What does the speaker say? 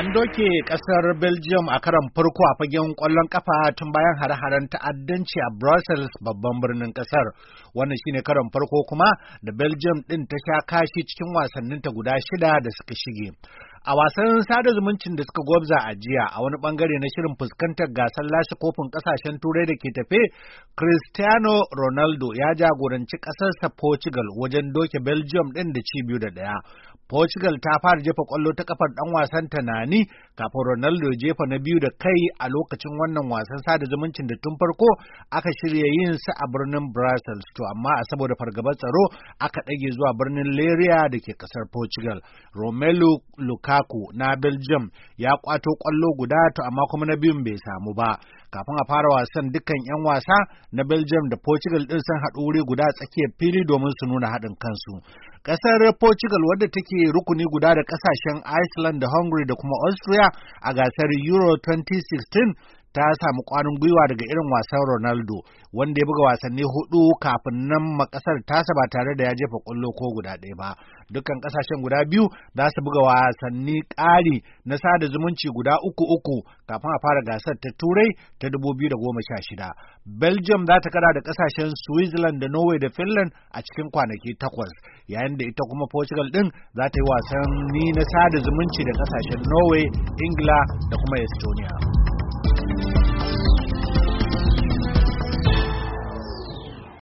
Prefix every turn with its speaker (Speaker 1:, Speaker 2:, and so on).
Speaker 1: An doke kasar Belgium a karan farko a fagen kwallon kafa tun bayan hare-haren ta'addanci a Brussels babban birnin kasar. Wannan shine karan farko kuma da Belgium ɗin ta sha kashi cikin wasanninta guda shida da suka shige. A wasan sada zumuncin da suka gwabza a jiya a wani bangare na shirin fuskantar gasar lashe kofin kasashen turai da ke tafe, Cristiano Ronaldo ya jagoranci ƙasarsa Portugal wajen doke Belgium ɗin da ci biyu da ɗaya. Portugal ta fara jefa kwallo ta kafar ɗan wasan tunani kafin Ronaldo jefa na biyu da kai a lokacin wannan wasan sada zumuncin da tun farko aka shirya yin sa a birnin Brussels to amma a saboda fargabar tsaro aka ɗage zuwa birnin Leria da ke ƙasar Portugal. Romelu Lukaku na Belgium ya kwato kwallo guda to amma kuma na biyun bai samu ba. Kafin a fara wasan dukkan 'yan wasa na Belgium da Portugal ɗin sun haɗu wuri guda tsakiyar fili domin su nuna haɗin kansu. Ƙasar Portugal wadda take rukuni guda da ƙasashen Iceland da Hungary da kuma Austria a gasar Euro 2016 ta samu kwarin gwiwa daga irin wasan Ronaldo wanda ya buga wasanni hudu kafin nan makasar tasa ba tare da ya jefa kwallo ko guda ɗaya ba. Dukkan kasashen guda biyu za su buga wasanni ƙari na sada zumunci guda uku uku kafin a fara gasar ta Turai ta dubu biyu da goma 2016. Belgium za ta kara da kasashen Switzerland da Norway da Finland a cikin kwanaki takwas yayin da ita kuma Portugal ɗin za ta yi wasanni na sada zumunci da kasashen Norway, Ingila da kuma Estonia.